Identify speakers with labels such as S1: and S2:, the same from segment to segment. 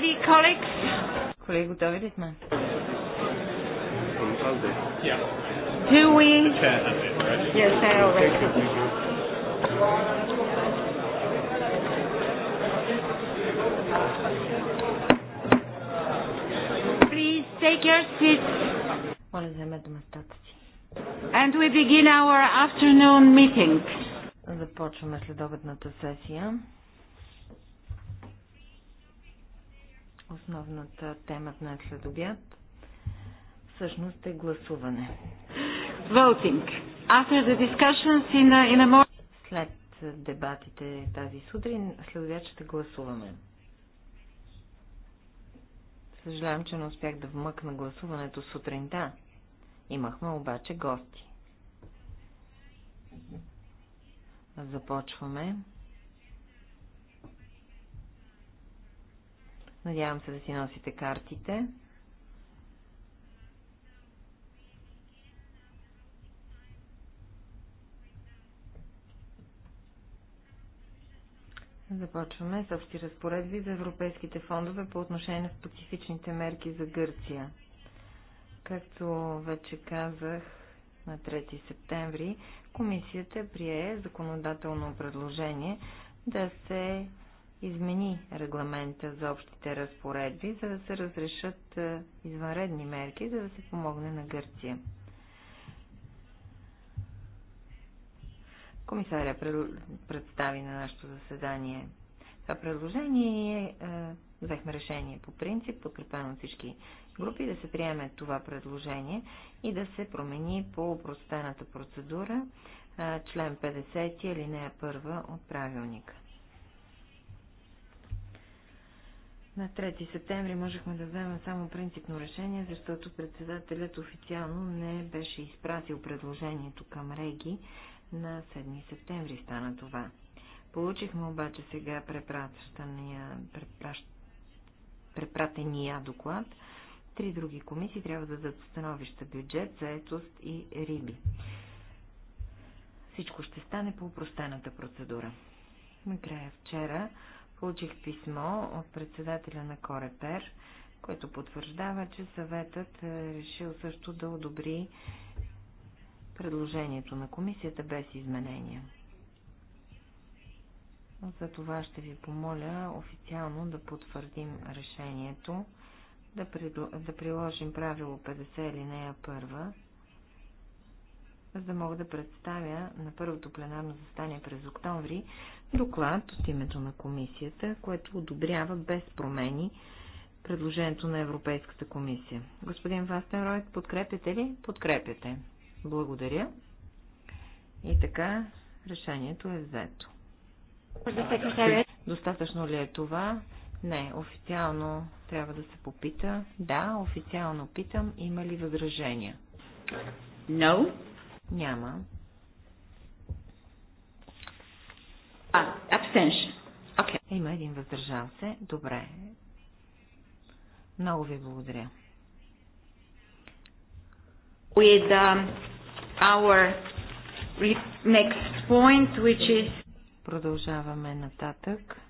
S1: ready,
S2: colleagues? Colleague David is ли Yeah. Do we? Yes, they are ready. Please take your seats. Моля, вземете местата си. And we begin our afternoon meeting. Започваме следобедната сесия. Основната тема на следобед всъщност е гласуване. Voting. After the discussions in a, in a... След дебатите тази сутрин, следобед ще гласуваме. Съжалявам, че не успях да вмъкна гласуването сутринта. Имахме обаче гости. Започваме. Надявам се да си носите картите. Започваме с общи разпоредби за европейските фондове по отношение на специфичните мерки за Гърция. Както вече казах на 3 септември, комисията прие законодателно предложение да се измени регламента за общите разпоредби, за да се разрешат е, извънредни мерки, за да се помогне на Гърция. Комисаря представи на нашето заседание това предложение и е, е, взехме решение по принцип, подкрепено от всички групи, да се приеме това предложение и да се промени по простената процедура е, член 50 алинея 1 от правилника. На 3 септември можехме да вземем само принципно решение, защото председателят официално не беше изпратил предложението към Реги на 7 септември стана това. Получихме обаче сега препратения доклад. Три други комисии трябва да дадат становища бюджет, заетост и риби. Всичко ще стане по упростената процедура. Накрая вчера Получих писмо от председателя на Корепер, което потвърждава, че съветът е решил също да одобри предложението на комисията без изменения. За това ще ви помоля официално да потвърдим решението, да, придо... да приложим правило 50 или нея първа, за да мога да представя на първото пленарно застание през октомври доклад от името на комисията, което одобрява без промени предложението на Европейската комисия. Господин Вастенройт, подкрепяте ли? Подкрепяте. Благодаря. И така, решението е взето. Достатъчно ли е това? Не, официално трябва да се попита. Да, официално питам, има ли възражения? No. Няма. абстеншн. Okay. Има един въздържал се. Добре. Много ви благодаря. With
S3: um, our
S2: next point, which is... Продължаваме нататък.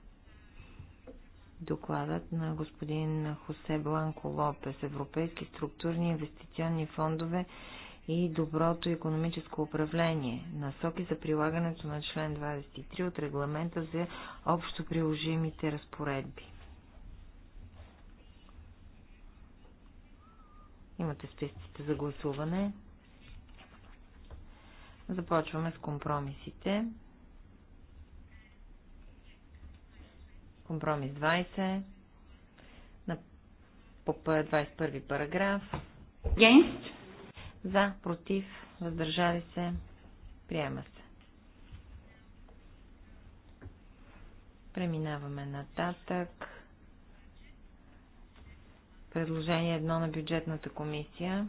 S2: Докладът на господин Хосе Бланко Лопес, Европейски структурни инвестиционни фондове и доброто економическо управление, насоки за прилагането на член 23 от регламента за общо приложимите разпоредби. Имате списъците за гласуване. Започваме с компромисите. Компромис 20 на 21 параграф. Генст. За, против, въздържали се, приема се. Преминаваме нататък. Предложение едно на бюджетната комисия.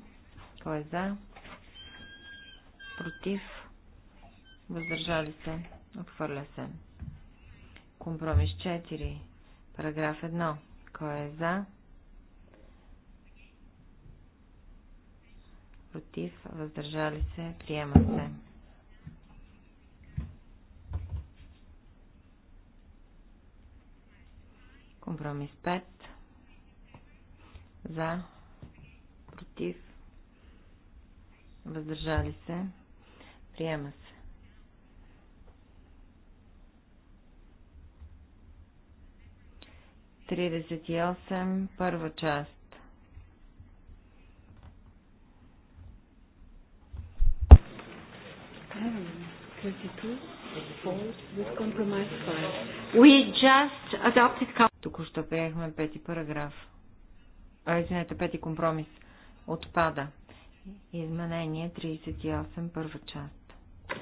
S2: Кой е за? Против? Въздържали се? Отхвърля се. Компромис 4. Параграф 1. Кой е за? против, въздържали се, приема се. Компромис 5. За, против, въздържали се, приема се. Тридесет и осем, първа част Adopted... Току-що приехме пети параграф. А, извинете, пети компромис. Отпада. Изменение 38, първа част.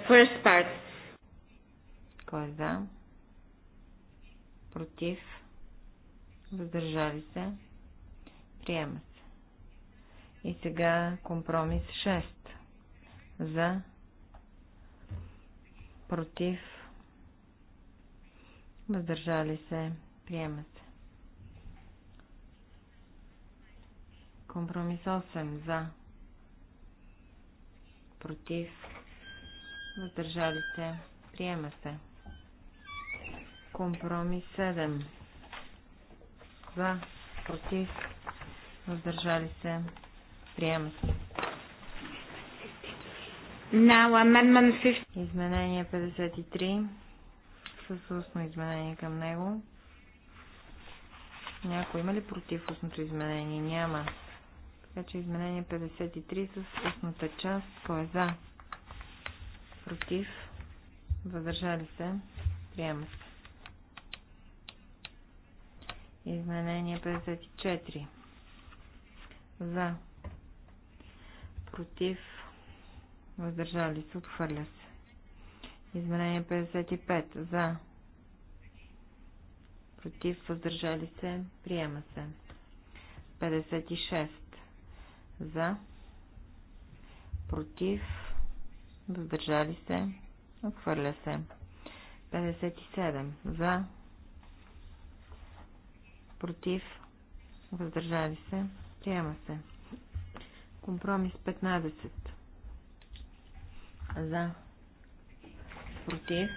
S2: First part. Кой е за? Против? Въздържали се? Приема се. И сега компромис 6. За? против, въздържали се, приема се. Компромис 8 за, против, въздържали се, приема се. Компромис 7 за, против, въздържали се, приема се.
S1: Изменение
S2: 53 с устно изменение към него. Някой има ли против устното изменение? Няма. Така че изменение 53 с устната част. Кой е за? Против? Въздържали се? Приема се. Изменение 54. За. Против? въздържали се, отхвърля се. Изменение 55 за, против, въздържали се, приема се. 56 за, против, въздържали се, отхвърля се. 57 за, против, въздържали се, приема се. Компромис 15 за. Против.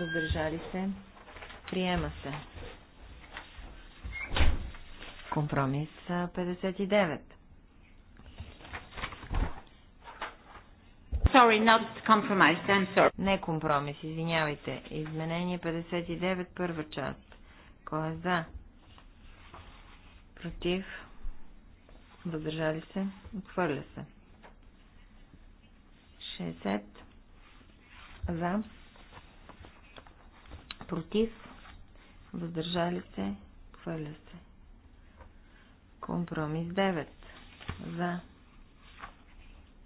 S2: Въздържали се. Приема се. Компромис 59. Sorry, not compromise. I'm sorry. Не компромис, извинявайте. Изменение 59, първа част. Кой е за? Против? Въздържали се? Отхвърля се. 60 за, против, въздържали се, хвърля се. Компромис 9 за,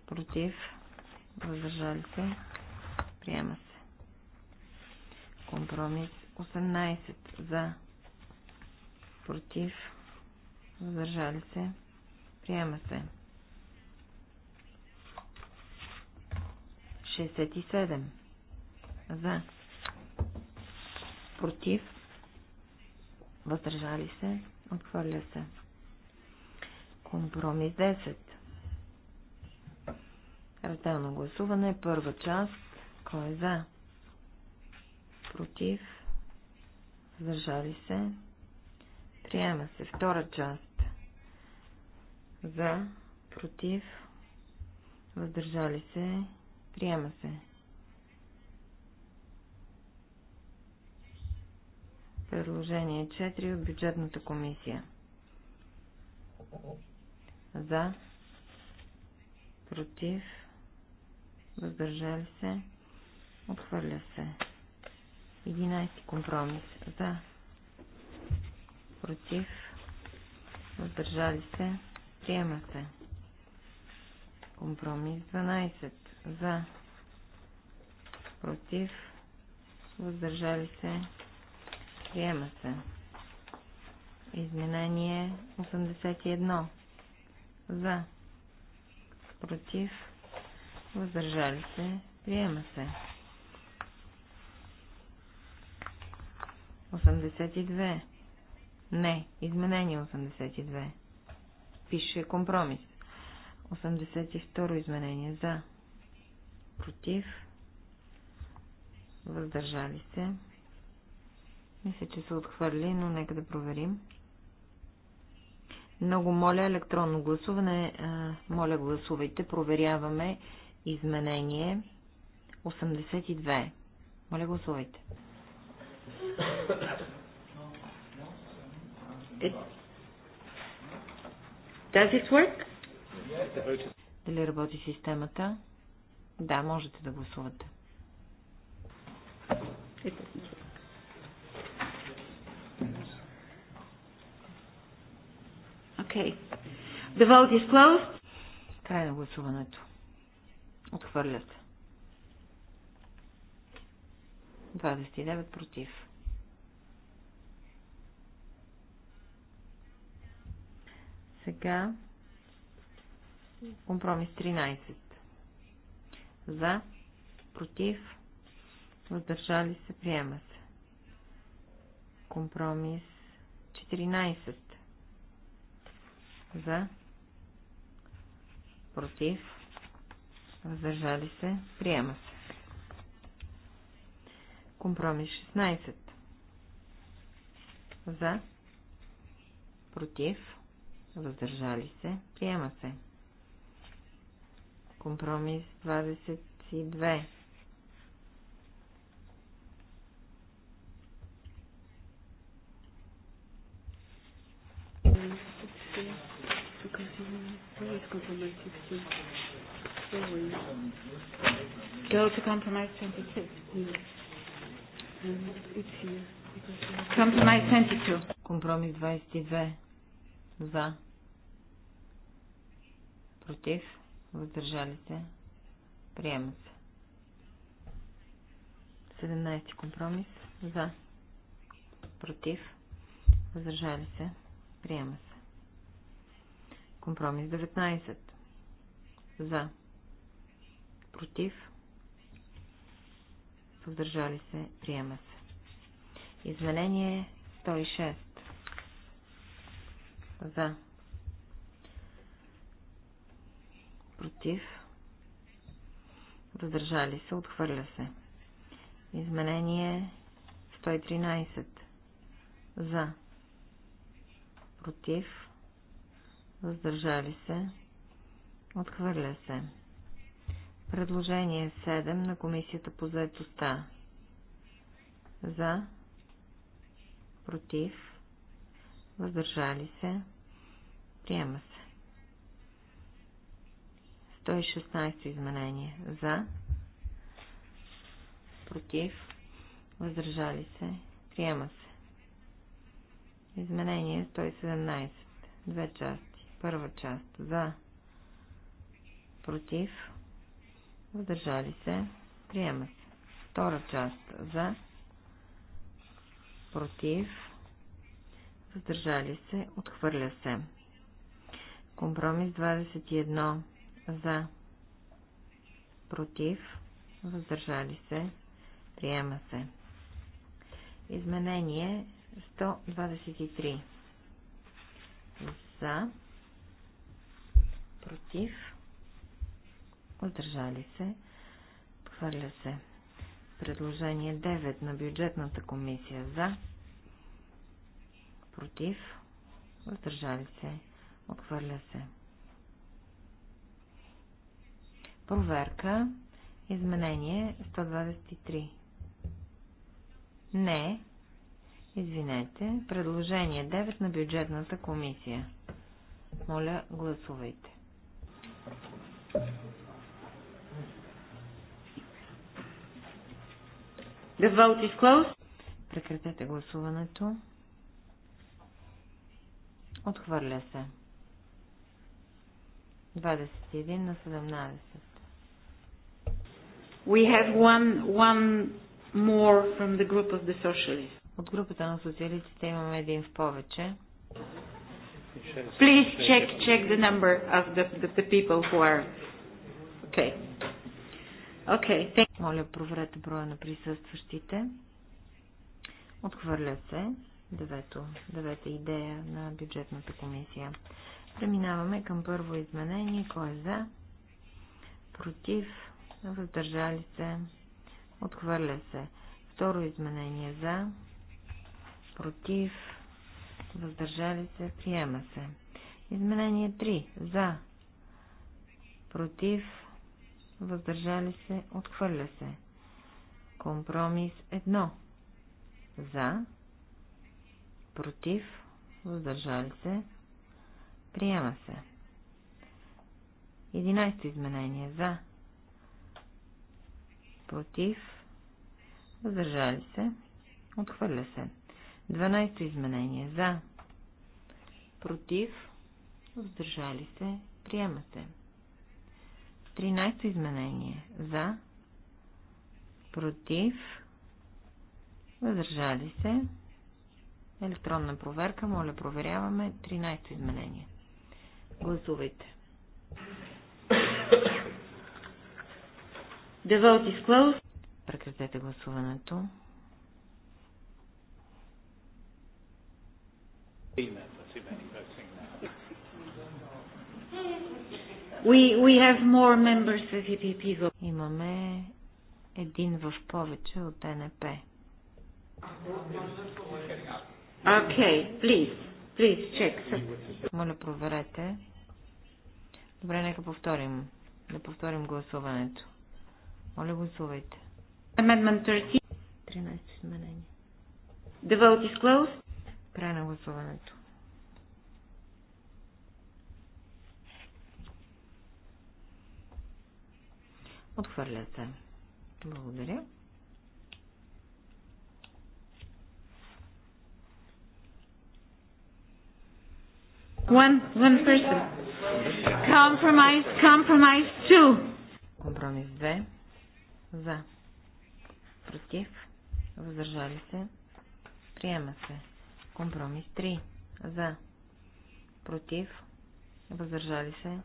S2: против, въздържали се, приема се. Компромис 18 за, против, въздържали се, приема се. 67. За. Против. Въздържали се. Отхвърля се. Компромис 10. Разделно гласуване. Първа част. Кой е за? Против. Въздържали се. Приема се. Втора част. За. Против. Въздържали се. Приема се. Предложение 4 от бюджетната комисия. За. Против. Въздържали се. Отхвърля се. 11 компромис. За. Против. Въздържали се. Приема се. Компромис 12 за, против, въздържали се, приема се. Изменение 81 за, против, въздържали се, приема се. 82. Не, изменение 82. Пише компромис. 82 изменение за против, въздържали се. Мисля, че са отхвърли, но нека да проверим. Много моля електронно гласуване. Моля гласувайте. Проверяваме изменение 82. Моля гласувайте. Does it work? Дали работи системата? Да, можете да гласувате. Okay. The vote is closed. Край на гласуването. Отхвърлят. 29 против. Сега
S1: компромис 13.
S2: За. Против. Въздържали се. Приема се. Компромис 14. За. Против. Въздържали се. Приема се. Компромис 16. За. Против. Въздържали се. Приема се. Компромис 22. Go to compromise 22. Compromise 22. Компромис 22. За. Против въздържали се, приема се. 17 компромис, за, против, въздържали се, приема се. Компромис 19, за, против, въздържали се, приема се. Изменение 106, за, против, въздържали се, отхвърля се. Изменение 113 за, против, въздържали се, отхвърля се. Предложение 7 на Комисията по заедостта. За, против, въздържали се, приема се. 116 изменение. За. Против. Въздържали се. Приема се. Изменение 117. Две части. Първа част. За. Против. Въздържали се. Приема се. Втора част. За. Против. Въздържали се. Отхвърля се. Компромис 21 за, против, въздържали се, приема се. Изменение 123 за, против, въздържали се, хвърля се. Предложение 9 на бюджетната комисия за, против, въздържали се, отхвърля се. Проверка. Изменение 123. Не. Извинете. Предложение 9 на бюджетната комисия. Моля, гласувайте. The vote is closed. Прекратете гласуването. Отхвърля се. 21 на 17. We have one, one more from the group of the socialists. От групата на социалистите имаме един в повече. Please check, check the number of the, the, the people who are... Okay. Okay, thank... Моля, проверете броя на присъстващите. Отхвърля се девето, девета идея на бюджетната комисия. Преминаваме към първо изменение. Кой е за? Против? въздържали се, отхвърля се. Второ изменение за, против, въздържали се, приема се. Изменение 3 за, против, въздържали се, отхвърля се. Компромис 1 за, против, въздържали се, приема се. 11 изменение за, против, въздържали се, отхвърля се. 12 изменение за, против, въздържали се, приема се. 13 изменение за, против, въздържали се, електронна проверка, моля проверяваме 13 изменение. Гласувайте. The vote is closed. Прекратете гласуването.
S1: We, we have more
S2: members of EPP. Имаме един в повече от НП.
S1: Okay, please. Please check.
S2: Моля, проверете. Добре, нека повторим. Да повторим гласуването. Моля, гласувайте.
S3: Amendment 13.
S2: 13 изменение. The vote is closed. Край на гласуването. Отхвърля се. Благодаря.
S3: One, one person.
S1: Compromise, compromise two.
S2: Компромис 2. За. Против. Въздържали се. Приема се. Компромис 3. За. Против. Въздържали се.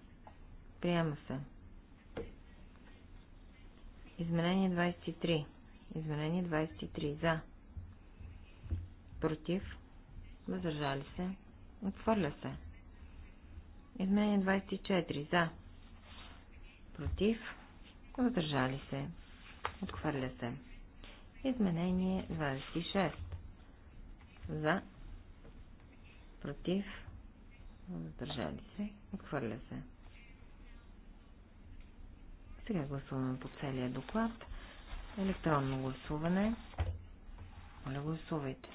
S2: Приема се. Изменение 23. Изменение 23. За. Против. Въздържали се. Отхвърля се. Изменение 24. За. Против. Въздържали се. Отхвърля се. Изменение 26. За. Против. Въздържали се. Отхвърля се. Сега гласуваме по целия доклад. Електронно гласуване. Моля, гласувайте.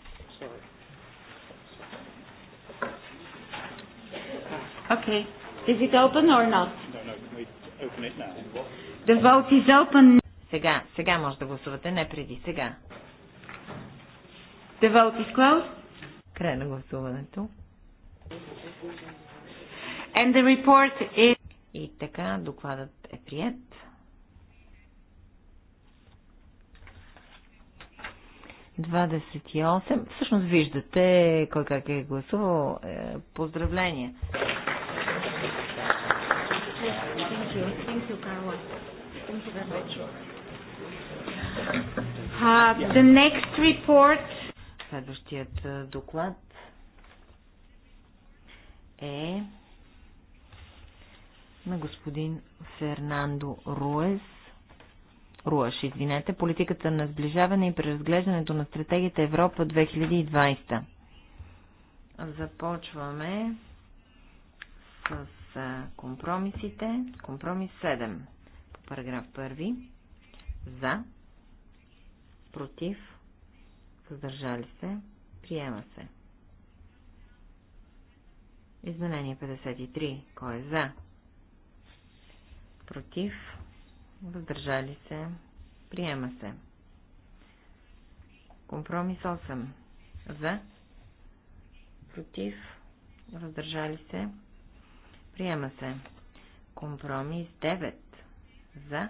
S1: Okay. Is it open or not? No, no, can we open it now? The vote is
S2: open. Сега, сега може да гласувате, не преди, сега. The vote is closed. Край на гласуването. And the report is... И така, докладът е прият. Двадесет и осем. Всъщност виждате кой как е гласувал. Е, поздравления.
S1: Thank you. Thank you, Uh, the next report.
S2: Следващият доклад е на господин Фернандо Руес. Руаш, извинете, политиката на сближаване и преразглеждането на стратегията Европа 2020. Започваме с компромисите. Компромис 7 по параграф 1. За против, въздържали се, приема се. Изменение 53. Кой е за? Против, въздържали се, приема се. Компромис 8. За, против, въздържали се, приема се. Компромис 9. За,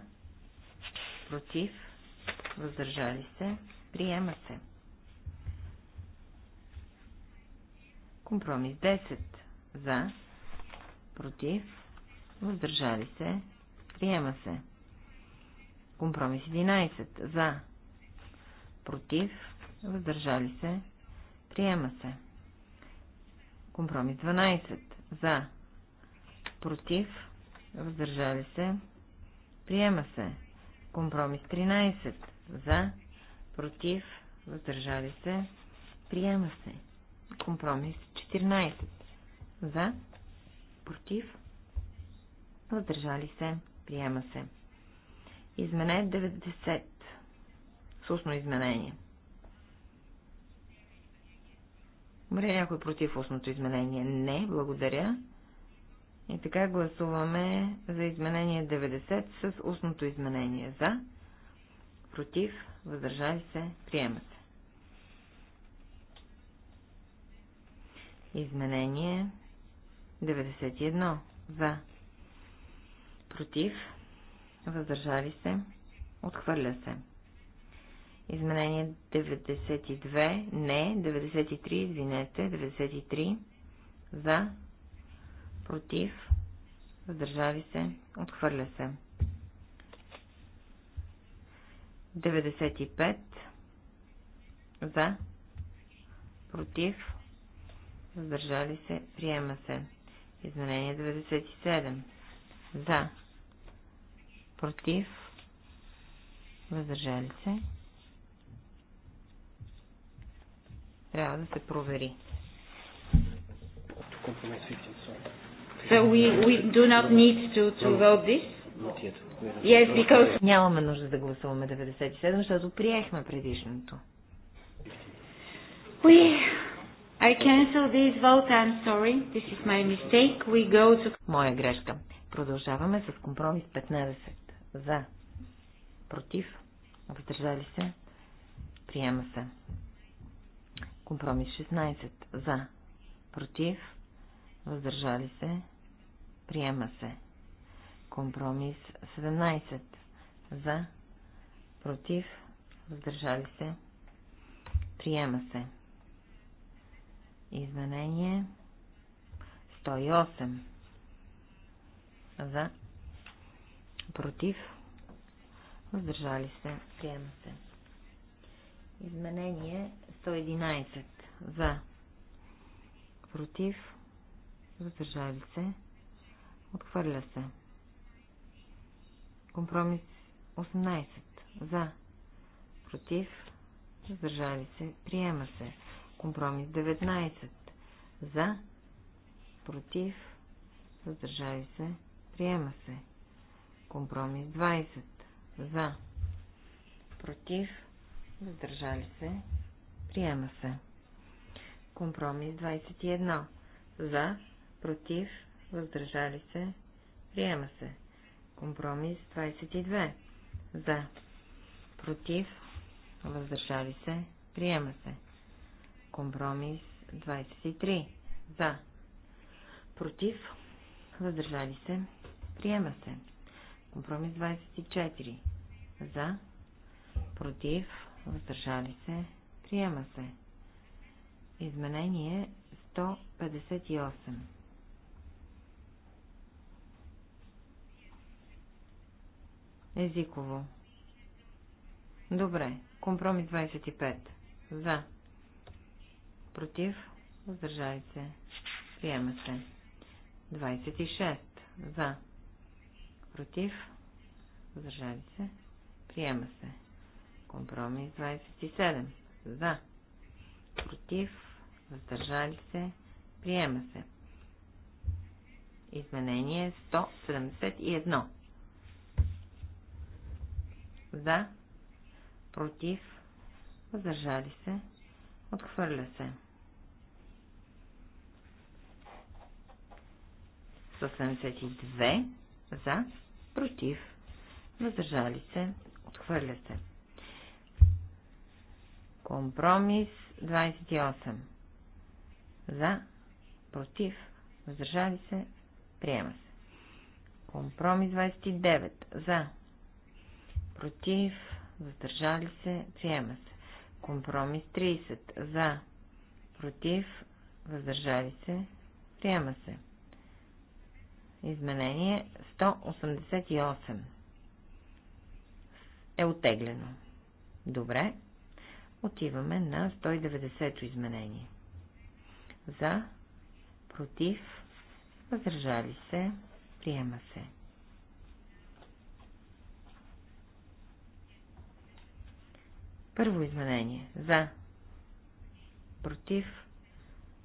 S2: против, въздържали се, приема се. Компромис 10 за, против, въздържали се, приема се. Компромис 11 за, против, въздържали се, приема се. Компромис 12 за, против, въздържали се, приема се. Компромис 13 за. Против. Въздържали се. Приема се. Компромис 14. За. Против. Въздържали се. Приема се. Измене 90. Сусно изменение. Мре някой против устното изменение? Не, благодаря. И така гласуваме за изменение 90 с устното изменение. За, против, въздържали се, приема се. Изменение 91. За. Против. Въздържали се. Отхвърля се. Изменение 92. Не. 93. Извинете. 93. За. Против. Въздържали се. Отхвърля се. 95 за, против, въздържали се, приема се. Изменение 97 за, против, въздържали се. Трябва да се провери.
S1: So we, we do not need to, to vote this? Not yet. Yes, because...
S2: Нямаме нужда да гласуваме 97, защото приехме предишното. We... I cancel this vote, I'm sorry. This is my mistake. We go to... Моя грешка. Продължаваме с компромис 15. За. Против. Въздържали се. Приема се. Компромис 16. За. Против. Въздържали се. Приема се. Компромис 17. За. Против. Въздържали се. Приема се. Изменение 108. За. Против. Въздържали се. Приема се. Изменение 111. За. Против. Въздържали се. Отхвърля се. Компромис 18. За. Против. Въздържали се. Приема се. Компромис 19. За. Против. Въздържали се. Приема се. Компромис 20. За. Против. Въздържали се. Приема се. Компромис 21. За. Против. Въздържали се. Приема се. Компромис 22. За. Против. Въздържали се. Приема се. Компромис 23. За. Против. Въздържали се. Приема се. Компромис 24. За. Против. Въздържали се. Приема се. Изменение 158. Езиково. Добре. Компромис 25. За. Против. Въздържали се. Приема се. 26. За. Против. Въздържали се. Приема се. Компромис 27. За. Против. Въздържали се. Приема се. Изменение 171. За. Против. Въздържали се. Отхвърля се. С 82. За. Против. Въздържали се. Отхвърля се. Компромис 28. За. Против. Въздържали се. Приема се. Компромис 29. За против, въздържали се, приема се. Компромис 30 за, против, въздържали се, приема се. Изменение 188 е отеглено. Добре. Отиваме на 190 изменение. За, против, въздържали се, приема се. Първо изменение. За. Против.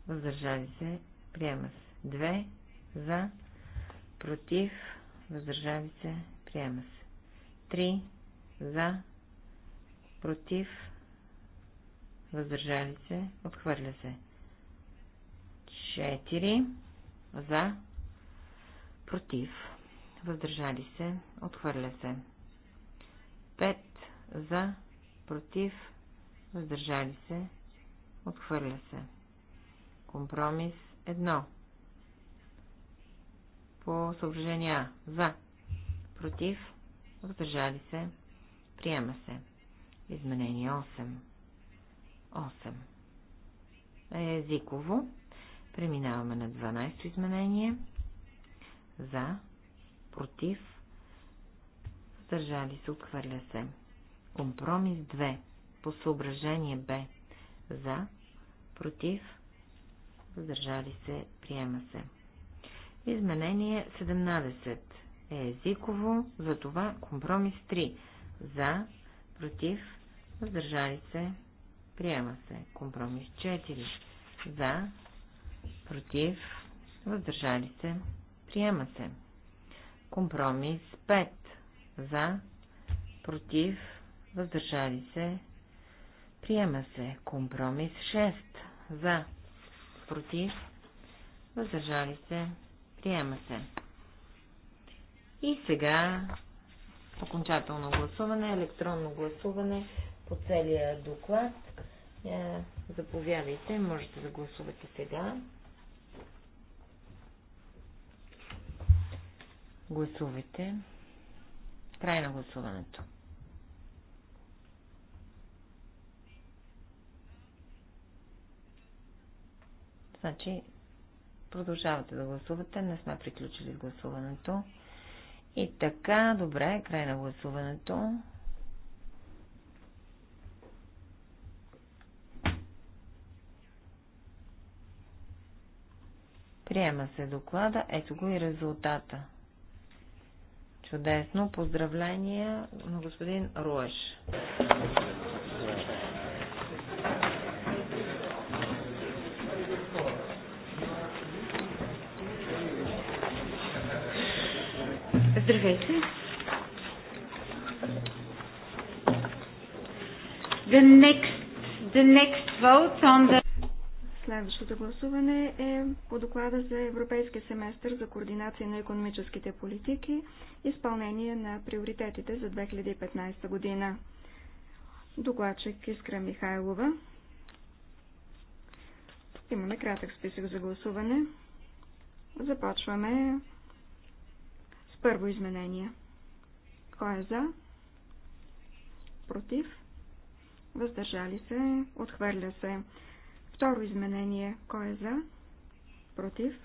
S2: Въздържали се. Приема се. Две. За. Против. Въздържали се. Приема се. Три. За. Против. Въздържали се. Отхвърля се. Четири. За. Против. Въздържали се. Отхвърля се. Пет. За против, въздържали се, отхвърля се. Компромис 1. По съображение А. За. Против. Въздържали се. Приема се. Изменение 8. 8. Е, езиково. Преминаваме на 12-то изменение. За. Против. Въздържали се. Отхвърля се. Компромис 2. По съображение Б. За. Против. Въздържали се. Приема се. Изменение 17 е езиково, затова компромис 3. За, против, въздържали се, приема се. Компромис 4. За, против, въздържали се, приема се. Компромис 5. За, против, въздържали се, приема се. Компромис 6 за, против, въздържали се, приема се. И сега окончателно гласуване, електронно гласуване по целия доклад. Е, заповядайте, можете да гласувате сега. Гласувайте. Край на гласуването. Значи, продължавате да гласувате, не сме приключили с гласуването. И така, добре, край на гласуването. Приема се доклада, ето го и резултата. Чудесно, поздравления на господин Руеш. Здравейте.
S1: The next, the next
S2: vote on the...
S3: Следващото гласуване е по доклада за Европейския семестър за координация на економическите политики, и изпълнение на приоритетите за 2015 година. Докладчик Искра Михайлова. Имаме кратък списък за гласуване. Започваме първо изменение. Кой е за? Против? Въздържали се? Отхвърля се. Второ изменение. Кой е за? Против?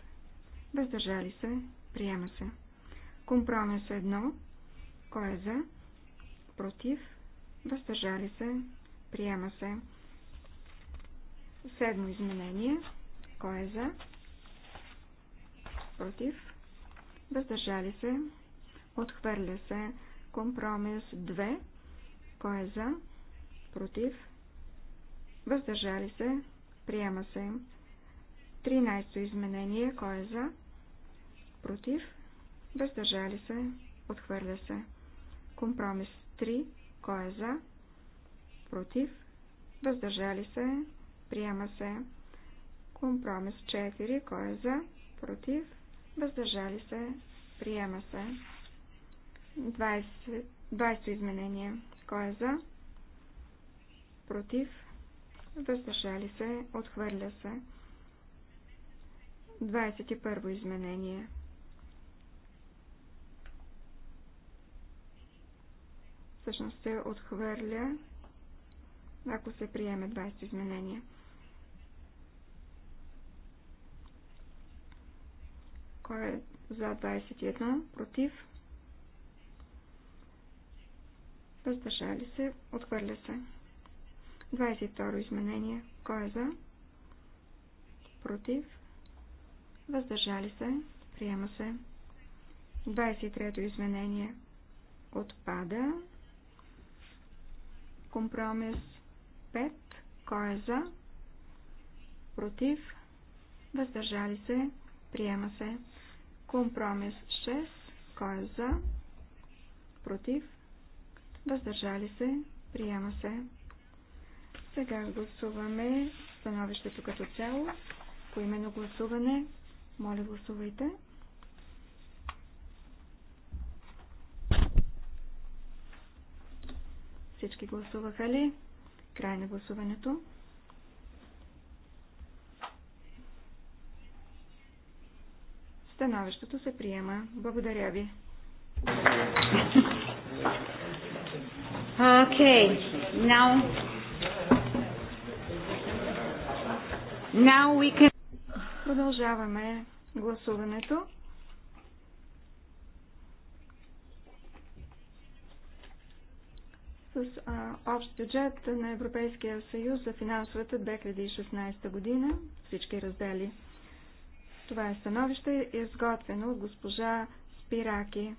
S3: Въздържали се? Приема се. Компромис едно. Кой е за? Против? Въздържали се? Приема се. Седмо изменение. Кой е за? Против? въздържали се, отхвърля се. Компромис 2, кой е за, против, въздържали се, приема се. 13 изменение, кой е за, против, въздържали се, отхвърля се. Компромис 3, кой е за, против, въздържали се, приема се. Компромис 4, кой е за, против, въздържали се, приема се. 20, 20 изменение. Кой е за? Против, въздържали се, отхвърля се. 21 изменение. Всъщност се отхвърля, ако се приеме 20 изменения. Кой е за 21? Против? Въздържали се. Отхвърля се. 22 изменение. Кой е за? Против? Въздържали се. Приема се. 23 изменение. Отпада. Компромис 5. Кой е за? Против? Въздържали се. Приема се. Компромис 6. Кой е за? Против? Въздържали се? Приема се. Сега гласуваме становището като цяло. По именно гласуване. Моля, гласувайте. Всички гласуваха ли? Край на гласуването. Становището се приема. Благодаря ви. Okay, now, now we can... Продължаваме гласуването. с а, общ бюджет на Европейския съюз за финансовата 2016 година, всички раздели. Това е становище, изготвено от госпожа Спираки.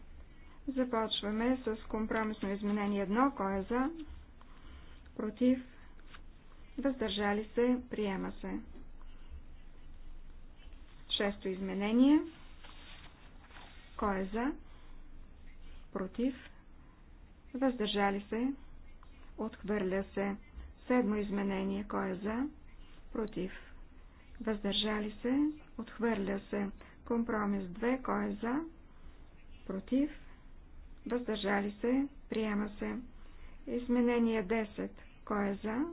S3: Започваме с компромисно изменение 1. Кой е за? Против? Въздържали се? Приема се. Шесто изменение. Кой е за? Против? Въздържали се? Отхвърля се. Седмо изменение. Кой е за? Против? Въздържали се? Отхвърля се. Компромис 2. Кой е за? Против. Въздържали се. Приема се. Изменение 10. Кой е за?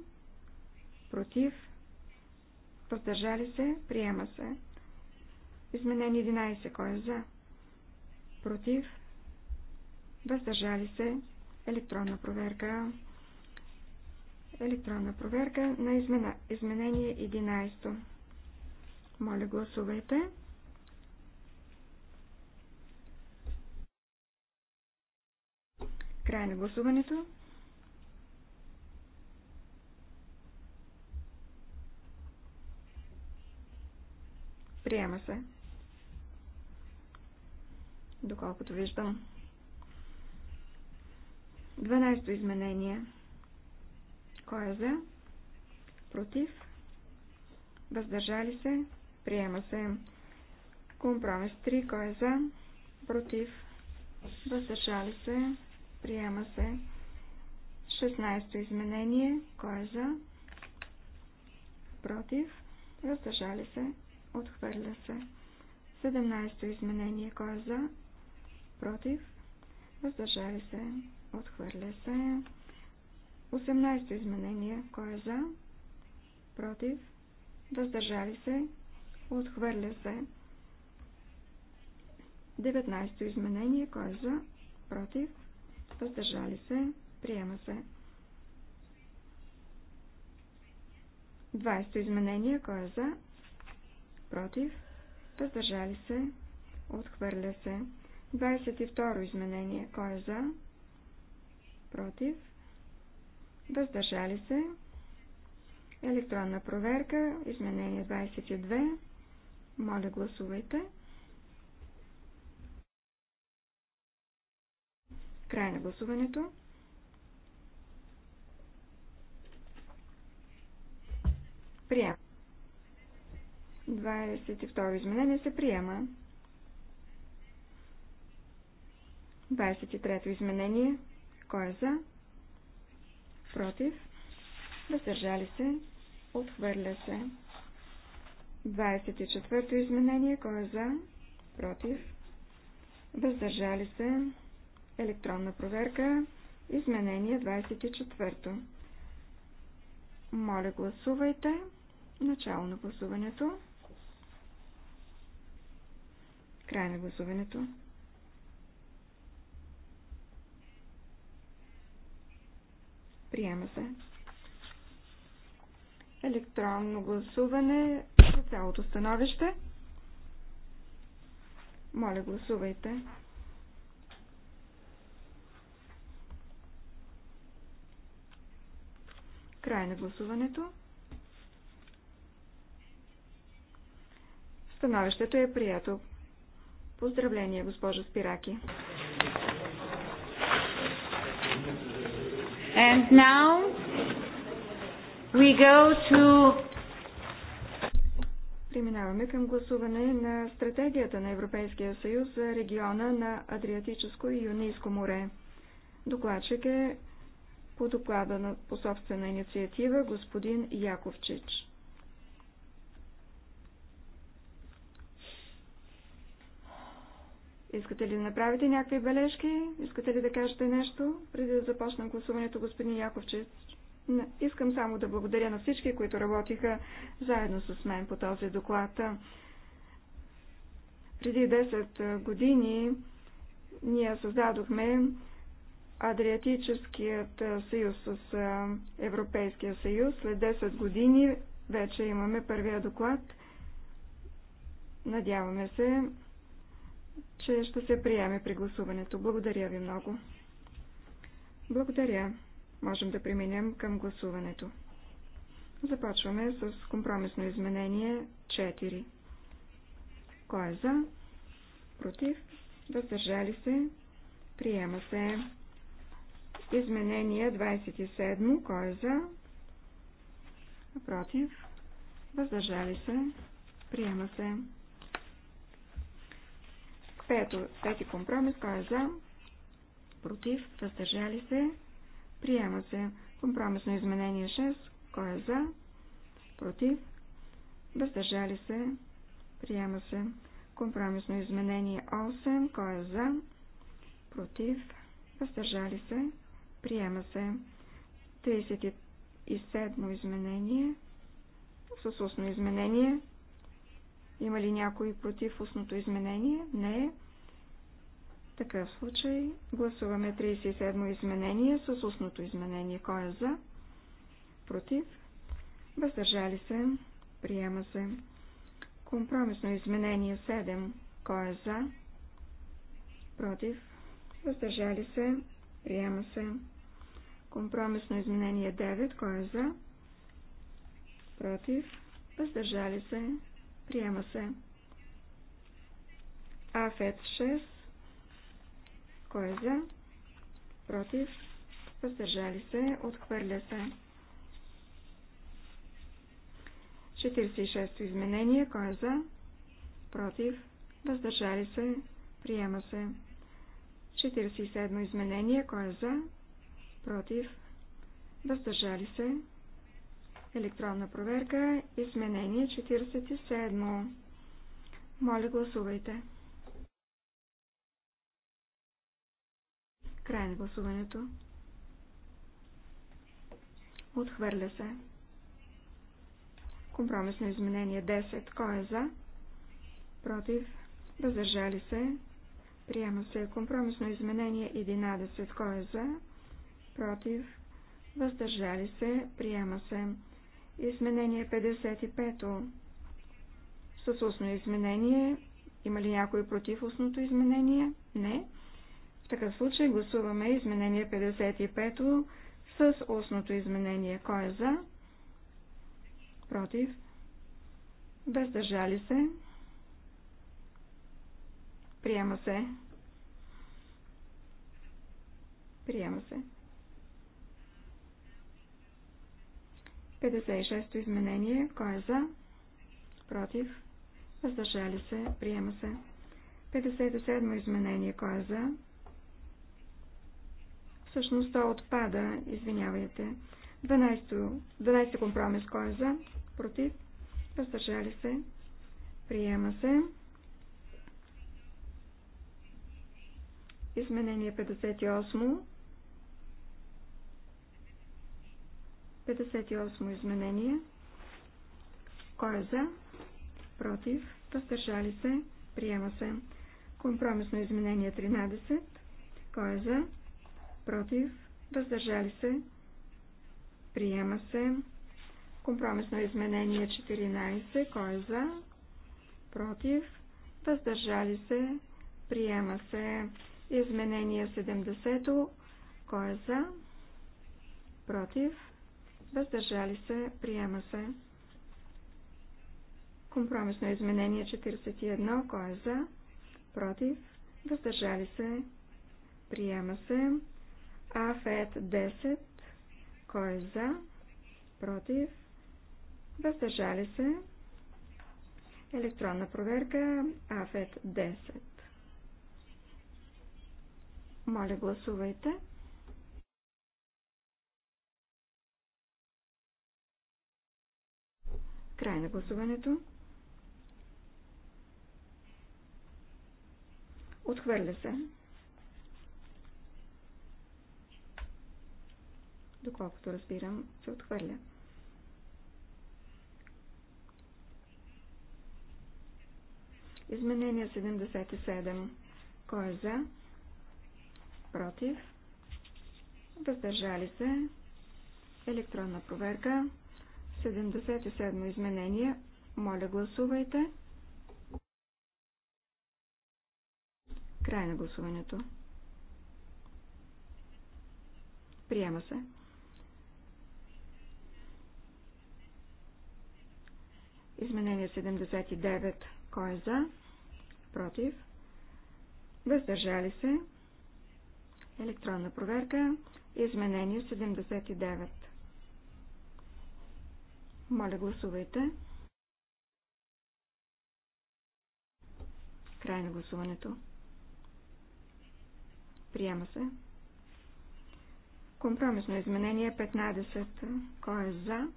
S3: Против. Въздържали се. Приема се. Изменение 11. Кой е за? Против. Въздържали се. Електронна проверка. Електронна проверка на измена... изменение 11. Моля, гласувайте. Край на гласуването. Приема се. Доколкото виждам. 12 изменение. Кой е за? Против? Въздържали се? Приема се. Компромис 3. Кой е за? Против. Въздържали се. Приема се. 16-то изменение. Кой е за? Против. Въздържали се. Отхвърля се. 17-то изменение. Кой е за? Против. Въздържали се. Отхвърля се. 18-то изменение. Кой е за? Против. Въздържали се. Отхвърля се. 19-то изменение. Кой е за? Против. Въздържали се. Приема се. 20-то изменение. Кой е за? Против. Въздържали се. Отхвърля се. 22 то изменение. Кой е за? Против. Въздържали се. Електронна проверка. Изменение 22. Моля, гласувайте. Край на гласуването. Приема. 22 изменение се приема. 23 изменение. Кой е за? Против. Въздържали се. Отхвърля се. 24-то изменение. Кой е за? Против. Въздържали се. Електронна проверка. Изменение 24-то. Моля, гласувайте. Начало на гласуването. Край на гласуването. Приема се електронно гласуване за цялото становище. Моля, гласувайте. Край на гласуването. Становището е прието. Поздравление, госпожо Спираки. And now We go to... Преминаваме към гласуване на стратегията на Европейския съюз за региона на Адриатическо и Юнийско море. Докладчик е по доклада на, по собствена инициатива господин Яковчич. Искате ли да направите някакви бележки? Искате ли да кажете нещо, преди да започнем гласуването, господин Яковчич? Искам само да благодаря на всички, които работиха заедно с мен по този доклад. Преди 10 години ние създадохме Адриатическият съюз с Европейския съюз. След 10 години вече имаме първия доклад. Надяваме се, че ще се приеме при гласуването. Благодаря ви много. Благодаря можем да преминем към гласуването. Започваме с компромисно изменение 4. Кой е за? Против? Въздържали се? Приема се. Изменение 27. Кой е за? Против? Въздържали се? Приема се. Пето, пети компромис. Кой е за? Против? Въздържали се? Приема се. Компромисно изменение 6. Кой е за? Против? Въздържали се? Приема се. Компромисно изменение 8. Кой е за? Против? Въздържали се? Приема се. 37 изменение. С устно изменение. Има ли някой против устното изменение? Не така в случай гласуваме 37 изменение с устното изменение. Кой е за? Против? Въздържали се? Приема се. Компромисно изменение 7. Кой е за? Против? Въздържали се? Приема се. Компромисно изменение 9. Кой е за? Против? Въздържали се? Приема се. АФЕТ 6. Кой е за? Против? Въздържали се? Отхвърля се. 46-то изменение. Кой е за? Против? Въздържали се? Приема се. 47-то изменение. Кой е за? Против? Въздържали се? Електронна проверка. Изменение 47. Моля гласувайте. Край на гласуването. Отхвърля се. Компромисно изменение 10. Кой е за? Против. Въздържали се. Приема се компромисно изменение 11. Кой е за? Против. Въздържали се. Приема се. Изменение 55. С устно изменение. Има ли някой против устното изменение? Не такъв случай гласуваме изменение 55 с устното изменение. Кой е за? Против? Въздържали се? Приема се. Приема се. 56-то изменение. Кой е за? Против? Въздържали се? Приема се. 57-то изменение. Кой е за? Всъщност то отпада, извинявайте. 12, 12 компромис. Кой е за? Против? Въздържали се? Приема се. Изменение 58. 58 изменение. Кой е за? Против? Въздържали се? Приема се. Компромисно изменение 13. Кой е за? против, въздържали се, приема се. Компромисно изменение 14, кой е за, против, въздържали се, приема се. Изменение 70, кой е за, против, въздържали се, приема се. Компромисно изменение 41, кой е за, против, въздържали се, приема се. АФЕТ 10. Кой е за? Против? Въздържали се? Електронна проверка АФЕТ 10. Моля, гласувайте. Край на гласуването. Отхвърля се. доколкото разбирам, се отхвърля. Изменение 77. Кой е за? Против? Въздържали се? Електронна проверка. 77 изменение. Моля гласувайте. Край на гласуването. Приема се. Изменение 79. Кой е за? Против. Въздържали се. Електронна проверка. Изменение 79. Моля, гласувайте. Край на гласуването. Приема се. Компромисно изменение 15. Кой е за?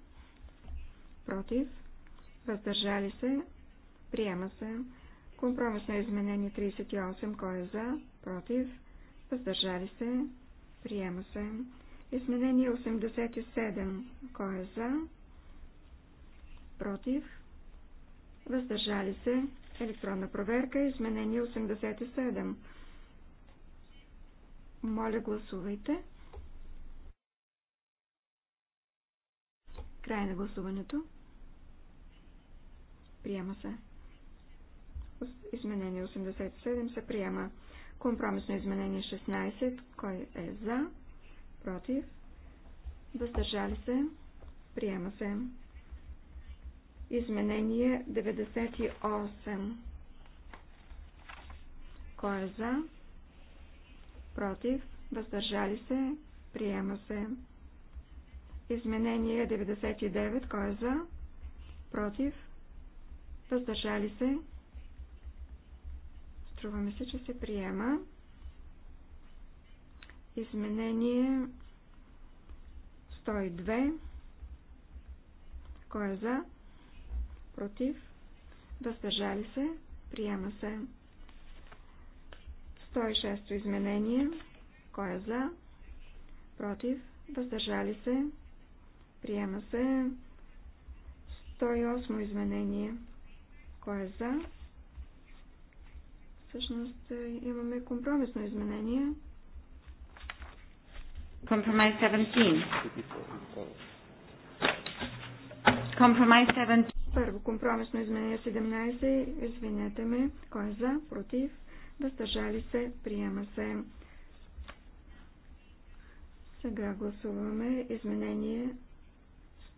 S3: Против? въздържали се, приема се. Компромис на изменение 38, кой е за, против, въздържали се, приема се. Изменение 87, кой е за, против, въздържали се, електронна проверка, изменение 87. Моля, гласувайте. Край на гласуването. Приема се. Изменение 87 се приема. Компромисно изменение 16. Кой е за? Против? Въздържали се? Приема се. Изменение 98. Кой е за? Против? Въздържали се? Приема се. Изменение 99. Кой е за? Против? въздържали се, струва ми се, че се приема. Изменение 102. Кой е за? Против? Въздържали се? Приема се. 106 изменение. Кой е за? Против? Въздържали се? Приема се. 108 изменение. Кой е за? Всъщност е, имаме компромисно изменение.
S1: Компромис
S2: 17.
S3: Компромис 17. Първо компромисно изменение 17. Извинете ме. Кой е за? Против? Въздържали се? Приема се. Сега гласуваме изменение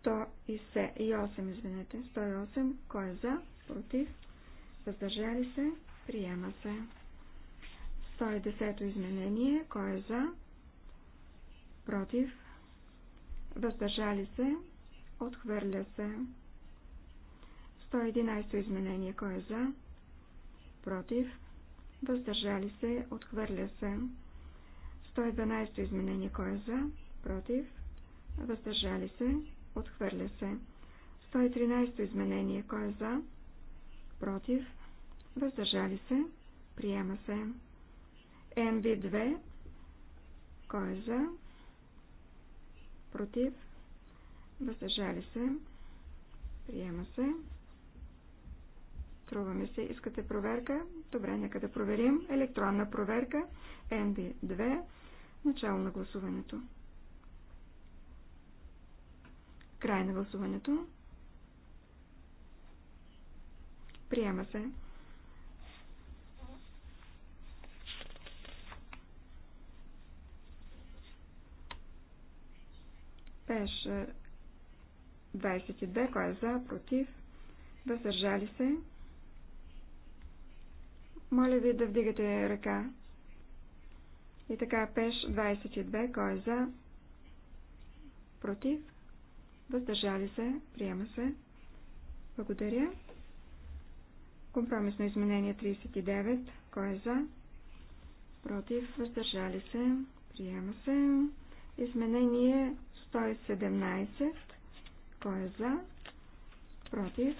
S3: 108. Извинете. 108. Кой е за? против, въздържали се, приема се. 110-то изменение, кой е за, против, въздържали се, отхвърля се. 111-то изменение, кой е за, против, въздържали се, отхвърля се. 112-то изменение, кой е за, против, въздържали се, отхвърля се. 113-то изменение, кой е за, против, против, въздържали се, приема се. NV2, кой е за, против, въздържали се, приема се. Труваме се, искате проверка? Добре, нека да проверим. Електронна проверка, NV2, начало на гласуването. Край на гласуването. Приема се. Беше 22, кой е за, против, въздържали се. Моля ви да вдигате ръка. И така, пеш 22, кой е за, против, въздържали се, приема се. Благодаря. Компромисно изменение 39. Кой е за? Против. Въздържали се. Приема се. Изменение 117. Кой е за? Против.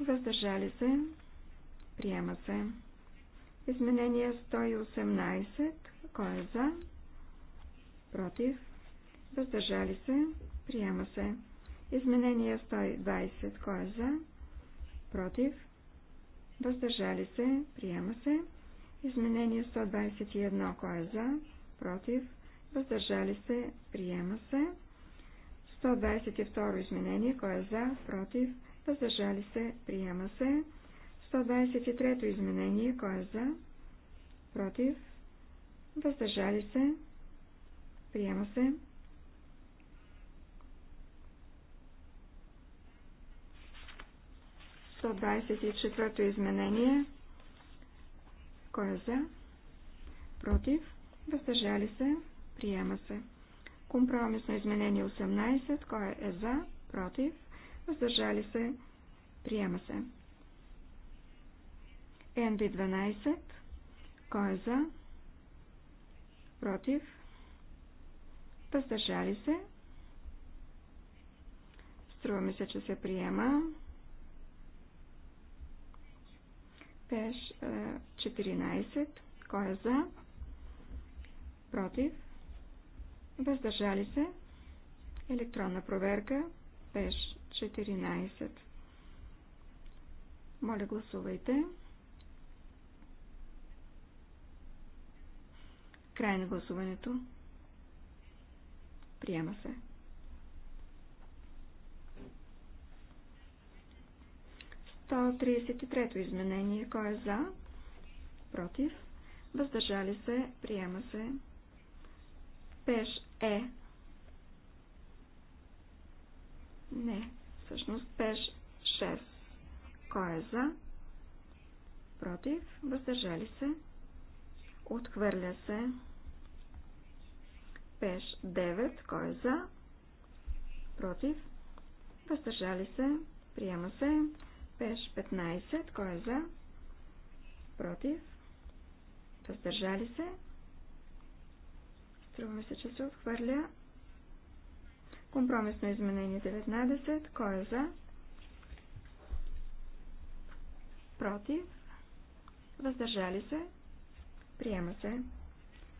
S3: Въздържали се. Приема се. Изменение 118. Кой е за? Против. Въздържали се. Приема се. Изменение 120. Кой е за? Против въздържали се, приема се. Изменение 121, кой е за, против, въздържали се, приема се. 122 изменение, кой е за, против, въздържали се, приема се. 123 изменение, кой е за, против, въздържали се, приема се. 124-то изменение. Кой е за? Против? Въздържали се? Приема се. Компромисно изменение 18. Кой е за? Против? Въздържали се? Приема се. НД 12. Кой е за? Против? Въздържали се? Струва ми се, че се приема. Пеш 14. Е, Кой е за? Против? Въздържали се? Електронна проверка. Пеш 14. Моля, гласувайте. Край на гласуването. Приема се. 133-то изменение. Кой е за? Против. Въздържали се. Приема се. Пеш е. Не. Всъщност пеш 6. Кой е за? Против. Въздържали се. Отхвърля се. Пеш 9. Кой е за? Против. Въздържали се. Приема се. Пеш 15. Кой е за? Против. Въздържали се. Струва ми се, че се отхвърля. Компромисно изменение 19. Кой е за? Против. Въздържали се. Приема се.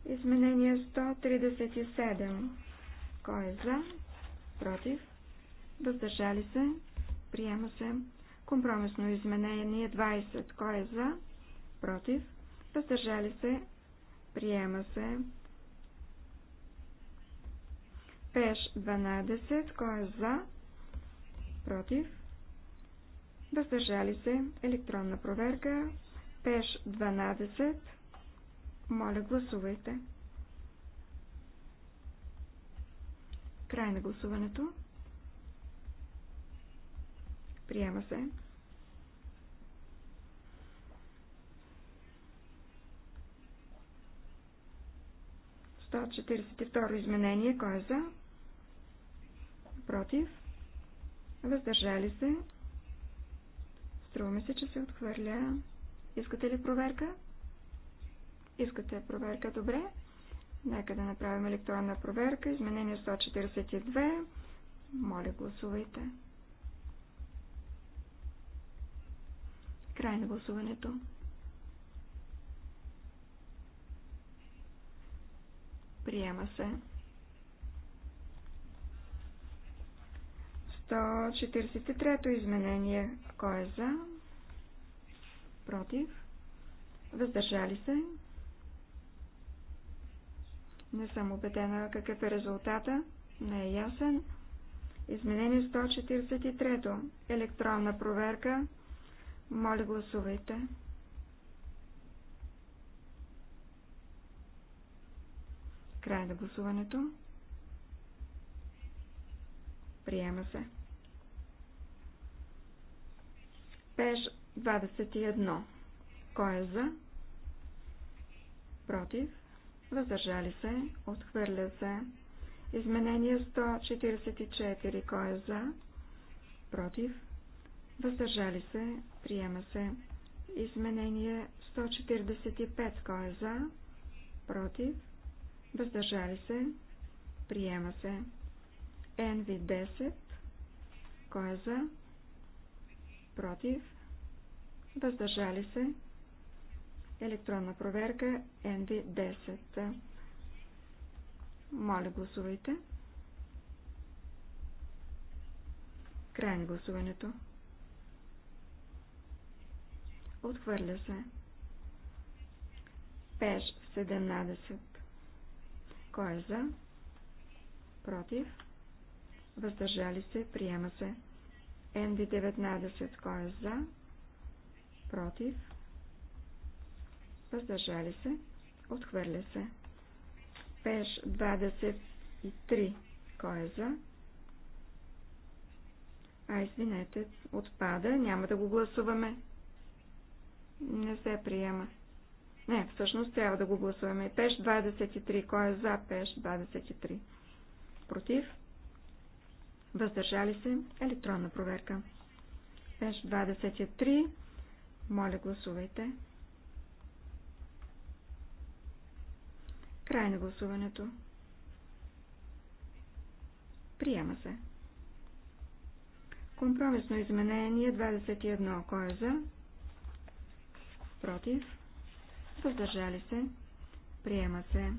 S3: Изменение 137. Кой е за? Против. Въздържали се. Приема се. Компромисно изменение 20. Кой е за? Против. Въздържали се. Приема се. Пеш 12. Кой е за? Против. Въздържали се. Електронна проверка. Пеш 12. Моля, гласувайте. Край на гласуването. Приема се. 142 изменение. Кой е за? Против? Въздържали се? Струва ми се, че се отхвърля. Искате ли проверка? Искате проверка? Добре. Нека да направим електронна проверка. Изменение 142. Моля, гласувайте. Край на гласуването. Приема се. 143-то изменение. Кой е за? Против? Въздържали се? Не съм убедена какъв е резултата. Не е ясен. Изменение 143. Електронна проверка. Моля гласувайте. края на гласуването. Приема се. Пеж 21. Кой е за? Против. Въздържали се. Отхвърля се. Изменение 144. Кой е за? Против. Въздържали се. Приема се. Изменение 145. Кой е за? Против въздържали се, приема се. NV10, кой е за, против, въздържали се, електронна проверка NV10. Моля, гласувайте. Край на гласуването. Отхвърля се. Пеш 17. Кой е за? Против? Въздържали се? Приема се. НВ-19. Кой е за? Против? Въздържали се? Отхвърля се. Пеш 23. Кой е за? А, извинете, отпада. Няма да го гласуваме. Не се приема. Не, всъщност трябва да го гласуваме. Пеш 23. Кой е за Пеш 23? Против? Въздържали се? Електронна проверка. Пеш 23. Моля, гласувайте. Край на гласуването. Приема се. Компромисно изменение 21. Кой е за? Против? Въздържали се. Приема се.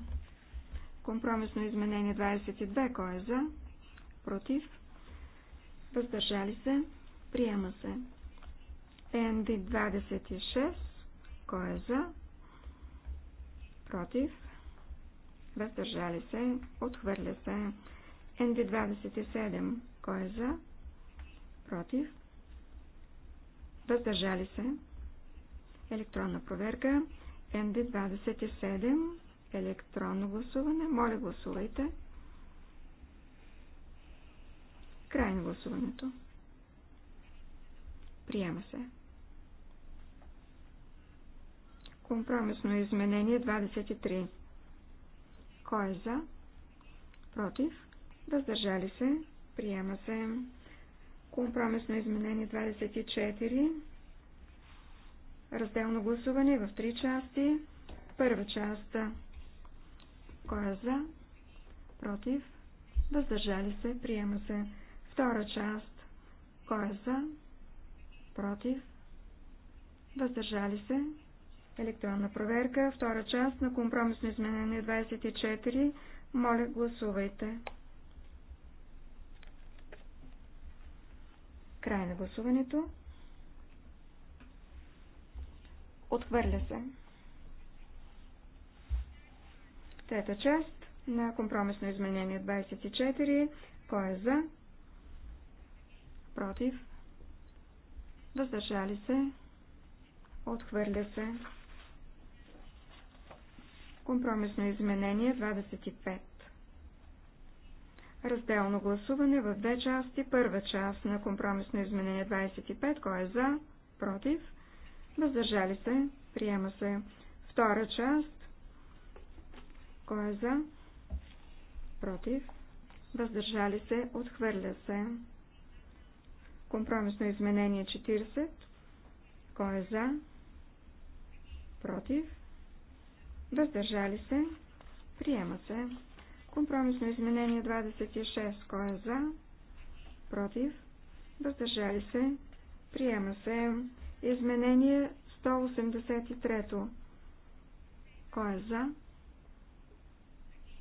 S3: Компромисно изменение 22. Кой е за? Против. Въздържали се. Приема се. НД 26. Кой е за? Против. Въздържали се. Отхвърля се. НД 27. Кой е за? Против. Въздържали се. Електронна проверка. ND27 електронно гласуване. Моля, гласувайте. Край на гласуването. Приема се. Компромисно изменение 23. Кой е за? Против? Въздържали се? Приема се. Компромисно изменение 24. Разделно гласуване в три части. Първа част. Кой е за? Против? Въздържали се? Приема се. Втора част. Кой е за? Против? Въздържали се? Електронна проверка. Втора част на компромисно изменение 24. Моля, гласувайте. Край на гласуването. Отхвърля се. Трета част на компромисно изменение 24. Кой е за? Против? Въздържали се? Отхвърля се. Компромисно изменение 25. Разделно гласуване в две части. Първа част на компромисно изменение 25. Кой е за? Против? Въздържали се. Приема се. Втора част. Кой е за? Против. Въздържали се. Отхвърля се. Компромисно изменение 40. Кой е за? Против. Въздържали се. Приема се. Компромисно изменение 26. Кой е за? Против. Въздържали се. Приема се. Изменение 183. Кой е за?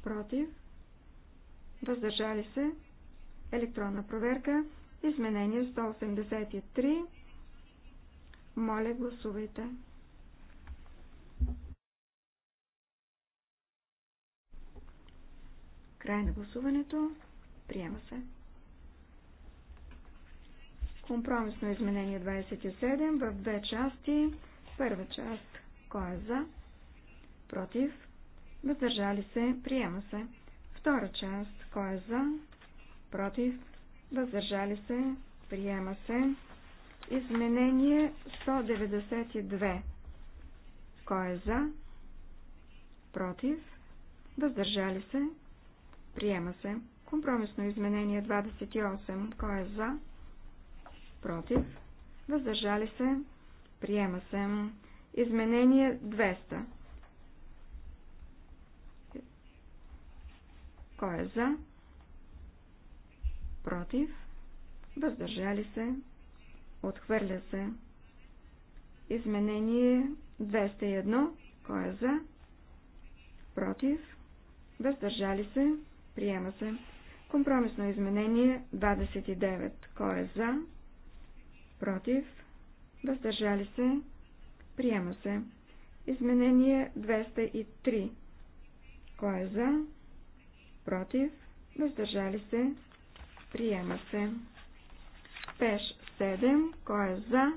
S3: Против? Въздържали се? Електронна проверка. Изменение 183. Моля, гласувайте. Край на гласуването. Приема се. Компромисно изменение 27 в две части. Първа част. Кой е за? Против. Въздържали се. Приема се. Втора част. Кой е за? Против. Въздържали се. Приема се. Изменение 192. Кой е за? Против. Въздържали се. Приема се. Компромисно изменение 28. Кой е за? против, въздържали се, приема се. Изменение 200. Кой е за? Против, въздържали се, отхвърля се. Изменение 201. Кой е за? Против, въздържали се, приема се. Компромисно изменение 29. Кой е за? против, въздържали се, приема се. Изменение 203. Кой е за? Против, въздържали се, приема се. Пеш 7. Кой е за?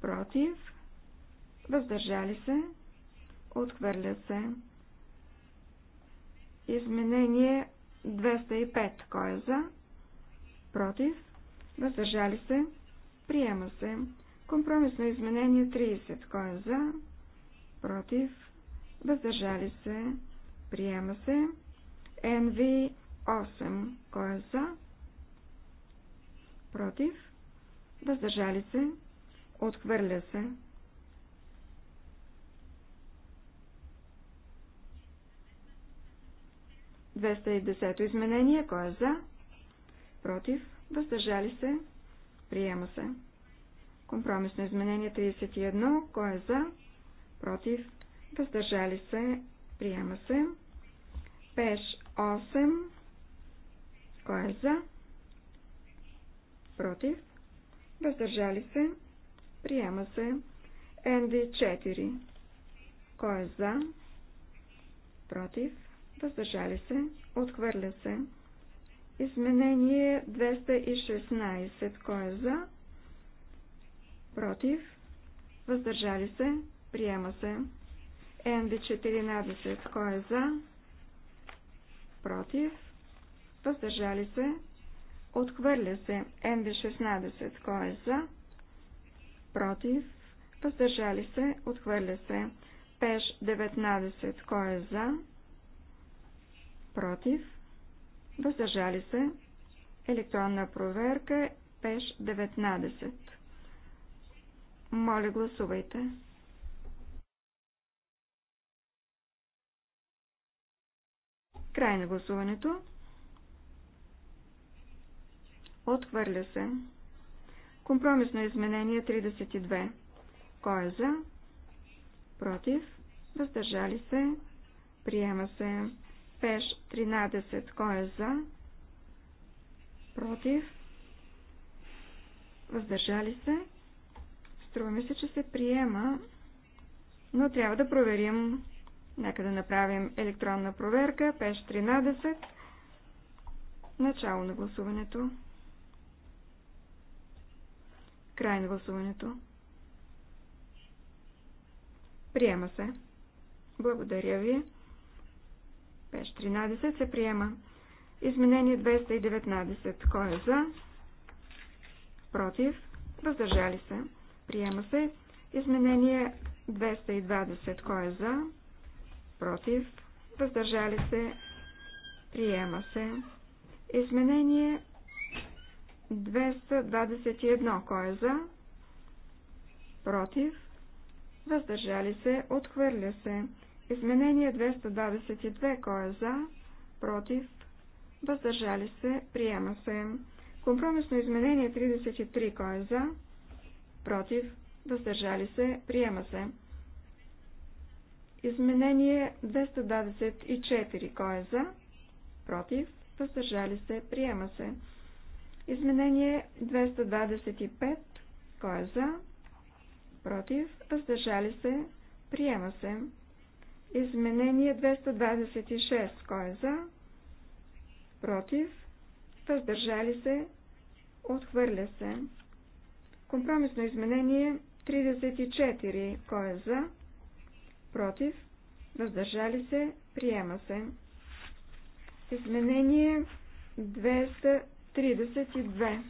S3: Против, въздържали се, отхвърля се. Изменение 205. Кой е за? Против, въздържали се, приема се. Компромисно изменение 30. Кой е за? Против. Въздържали се. Приема се. НВ 8. Кой е за? Против. Въздържали се. Отхвърля се. Двеста и десето изменение. Кой е за? Против. Въздържали се. Приема се. Компромисно изменение 31. Кой е за? Против. Въздържали се. Приема се. Пеш 8. Кой е за? Против. Въздържали се. Приема се. НД 4. Кой е за? Против. Въздържали се. Отхвърля се. Изменение 216. Кой е за? Против? Въздържали се? Приема се. НД14. Кой е за? Против? Въздържали се? Отхвърля се. НД16. Кой е за? Против? Въздържали се? Отхвърля се. ПЕШ 19. Кой е за? Против? въздържали се, електронна проверка, е пеш 19. Моля, гласувайте. Край на гласуването. Отхвърля се. Компромисно изменение 32. Кой е за? Против? Въздържали се? Приема се. Пеш 13. Кой е за? Против? Въздържали се? Струва ми се, че се приема, но трябва да проверим. Нека да направим електронна проверка. Пеш 13. Начало на гласуването. Край на гласуването. Приема се. Благодаря ви. Пеш 13 се приема. Изменение 219. Кой е за? Против. Въздържали се. Приема се. Изменение 220. Кой е за? Против. Въздържали се. Приема се. Изменение 221. Кой е за? Против. Въздържали се. Отхвърля се. Изменение 222. Кой е за? Против? Въздържали се? Приема се. Компромисно изменение 33. Кой е за? Против? Въздържали се? Приема се. Изменение 224. Кой е за? Против? Въздържали се? Приема се. Изменение 225. Кой е за? Против? Въздържали се? Приема се. Изменение 226. Кой е за? Против. Въздържали се. Отхвърля се. Компромисно изменение 34. Кой е за? Против. Въздържали се. Приема се. Изменение 232.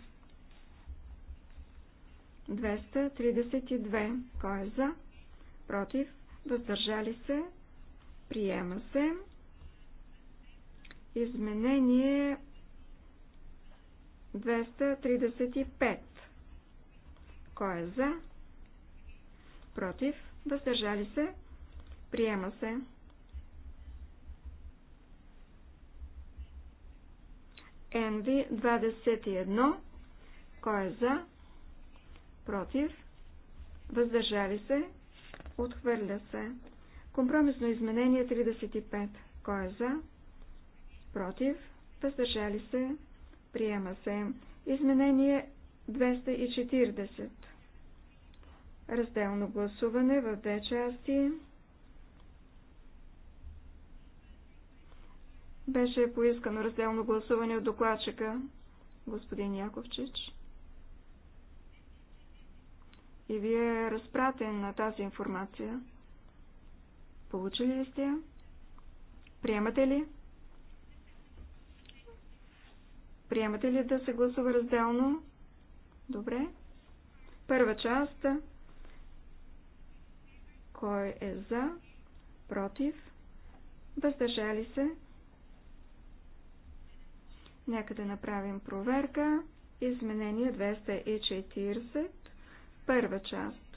S3: 232. Кой е за? Против. Въздържали се. Приема се. Изменение 235. Кой е за? Против? Въздържали се? Приема се. Енви 21. Кой е за? Против? Въздържали се? Отхвърля се. Компромисно изменение 35. Кой е за? Против? Въздържали се? Приема се. Изменение 240. Разделно гласуване в две части. Беше поискано разделно гласуване от докладчика, господин Яковчич. И ви е разпратен на тази информация. Получили ли сте? Приемате ли? Приемате ли да се гласува разделно? Добре. Първа част. Кой е за? Против? Въздържали се? Нека да направим проверка. Изменение 240. Първа част.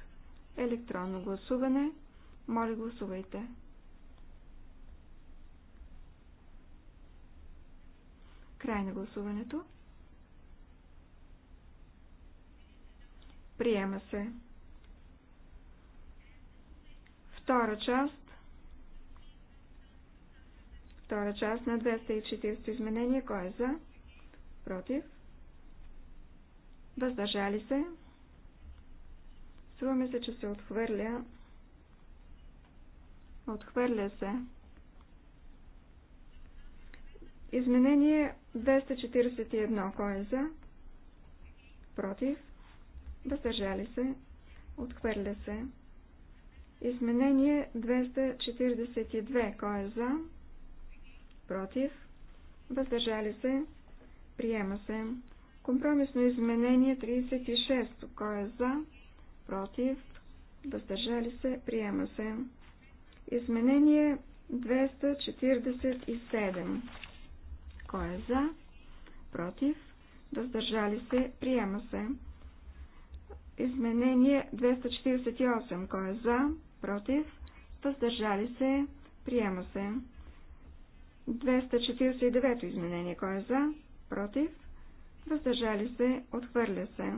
S3: Електронно гласуване. Моля, гласувайте. Край на гласуването. Приема се. Втора част. Втора част на 240 изменения. Кой е за? Против? Въздържали се? Струваме се, че се отхвърля Отхвърля се. Изменение 241. Кой е за? Против. Въздържали се. Отхвърля се. Изменение 242. Кой е за? Против. Въздържали се. Приема се. Компромисно изменение 36. Кой е за? Против. Въздържали се. Приема се. Изменение 247. Кой е за? Против? Въздържали се? Приема се. Изменение 248. Кой е за? Против? Въздържали се? Приема се. 249 изменение. Кой е за? Против? Въздържали се? Отхвърля се.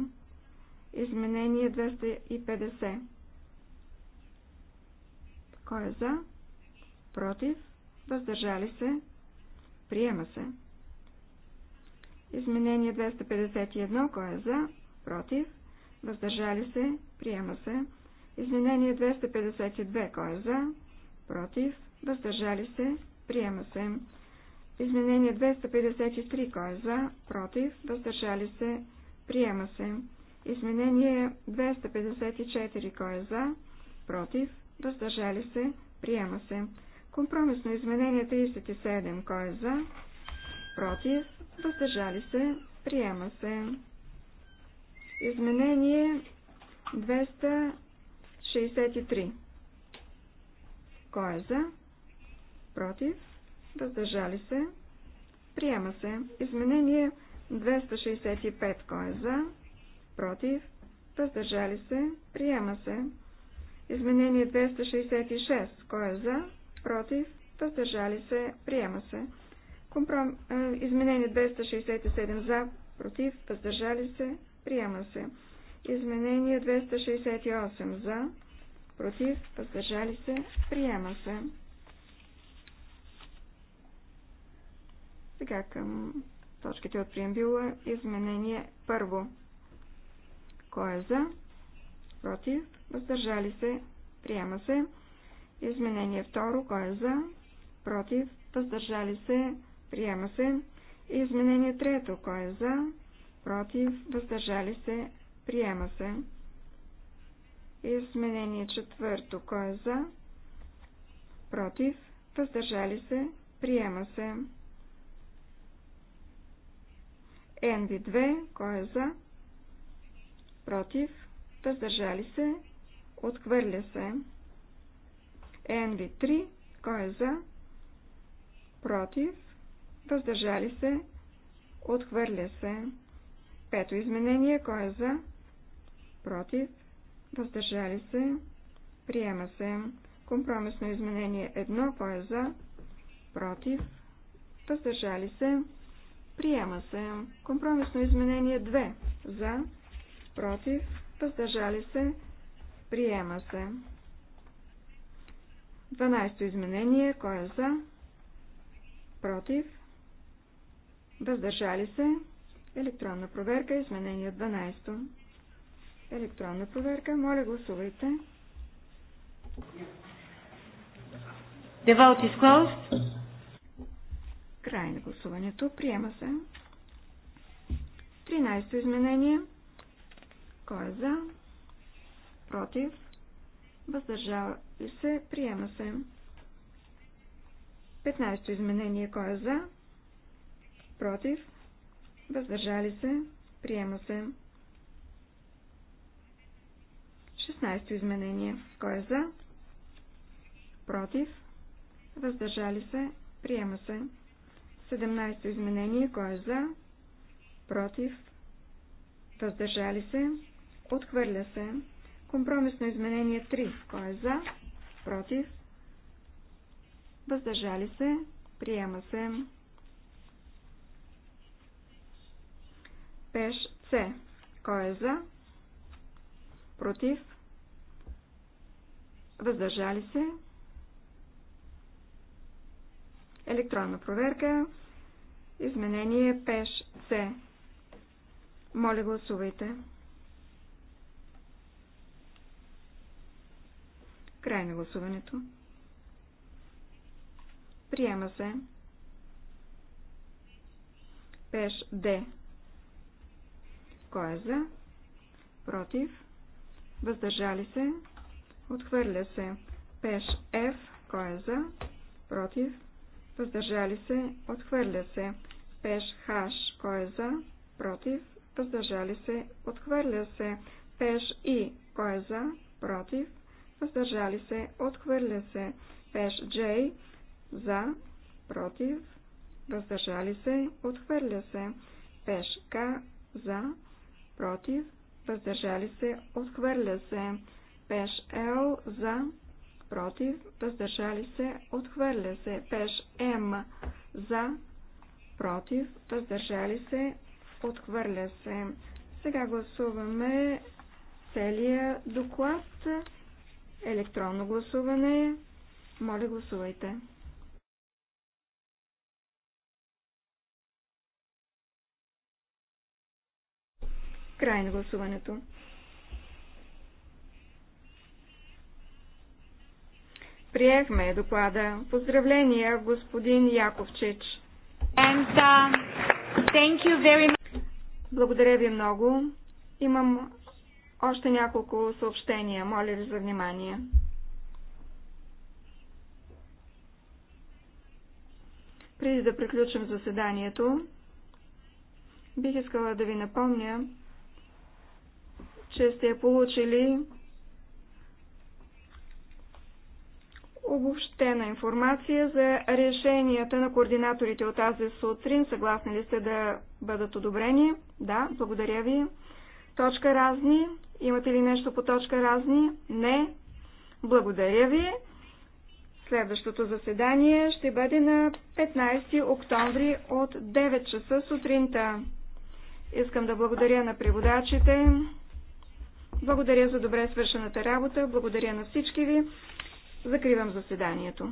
S3: Изменение 250. Кой е за? Против? Въздържали се? Приема се. Изменение 251. Кой е за? Против? Въздържали се? Приема се. Изменение 252. Кой е за? Против? Въздържали се? Приема се. Изменение 253. Кой е за? Против? Въздържали се? Приема се. Изменение 254. Кой е за? Против? въздържали се, приема се. Компромисно изменение 37, кой е за, против, въздържали се, приема се. Изменение 263. Кой е за? Против? Въздържали се? Приема се. Изменение 265. Кой е за? Против? Въздържали се? Приема се. Изменение 266. Кой е за? Против? Въздържали се? Приема се. Компром... Изменение 267 за, против, въздържали се, приема се. Изменение 268 за, против, въздържали се, приема се. Сега към точките от приембила изменение първо. Кой е за? против, въздържали се, приема се. Изменение второ, кой е за, против, въздържали се, приема се. Изменение трето, кой е за, против, въздържали се, приема се. Изменение четвърто, кой е за, против, въздържали се, приема се. НВ 2 кой е за, против, въздържали се, отхвърля се. nv 3 кой е за, против, въздържали се, отхвърля се. Пето изменение, кой е за, против, въздържали се, приема се. Компромисно изменение 1, кой е за, против, въздържали се, приема се. Компромисно изменение 2, за, против, въздържали се, приема се. 12 то изменение, кой е за, против, въздържали се, електронна проверка, изменение 12. Електронна проверка, моля гласувайте. The vote is closed. Край на гласуването. Приема се. 13-то изменение. Кой е за? Против? въздържава се? Приема се. 15 то изменение. Кой е за? Против? Въздържали се? Приема се. 16 то изменение. Кой е за? Против? Въздържали се? Приема се. 17 изменение. Кой е за? Против? Въздържали се? Отхвърля се. Компромисно изменение 3. Кой е за? Против? Въздържали се? Приема се. Пеш С. Кой е за? Против? Въздържали се? Електронна проверка. Изменение Пеш С. Моля гласувайте. Край на гласуването. Приема се. Пеш Д. Кой е за? Против. Въздържали се. Отхвърля се. Пеш Ф. Кой е за? Против. Въздържали се. Отхвърля се. Пеш Х. Кой е за? Против. Въздържали се. Отхвърля се. Пеш И. Кой е за? Против въздържали се, отхвърля се. Пеш J за, против, въздържали се, отхвърля се. Пеш К за, против, въздържали се, отхвърля се. Пеш Л за, против, въздържали се, отхвърля се. Пеш М за, против, въздържали се, отхвърля се. Сега гласуваме целия доклад електронно гласуване. Моля, гласувайте. Край на гласуването. Приехме доклада. Поздравления, господин Яковчич. Uh, thank you very much. Благодаря ви много. Имам още няколко съобщения, моля ви за внимание. Преди да приключим заседанието, бих искала да ви напомня, че сте получили обобщена информация за решенията на координаторите от тази сутрин. Съгласни ли сте да бъдат одобрени? Да, благодаря ви. Точка разни. Имате ли нещо по точка разни? Не. Благодаря ви. Следващото заседание ще бъде на 15 октомври от 9 часа сутринта. Искам да благодаря на преводачите. Благодаря за добре свършената работа. Благодаря на всички ви. Закривам заседанието.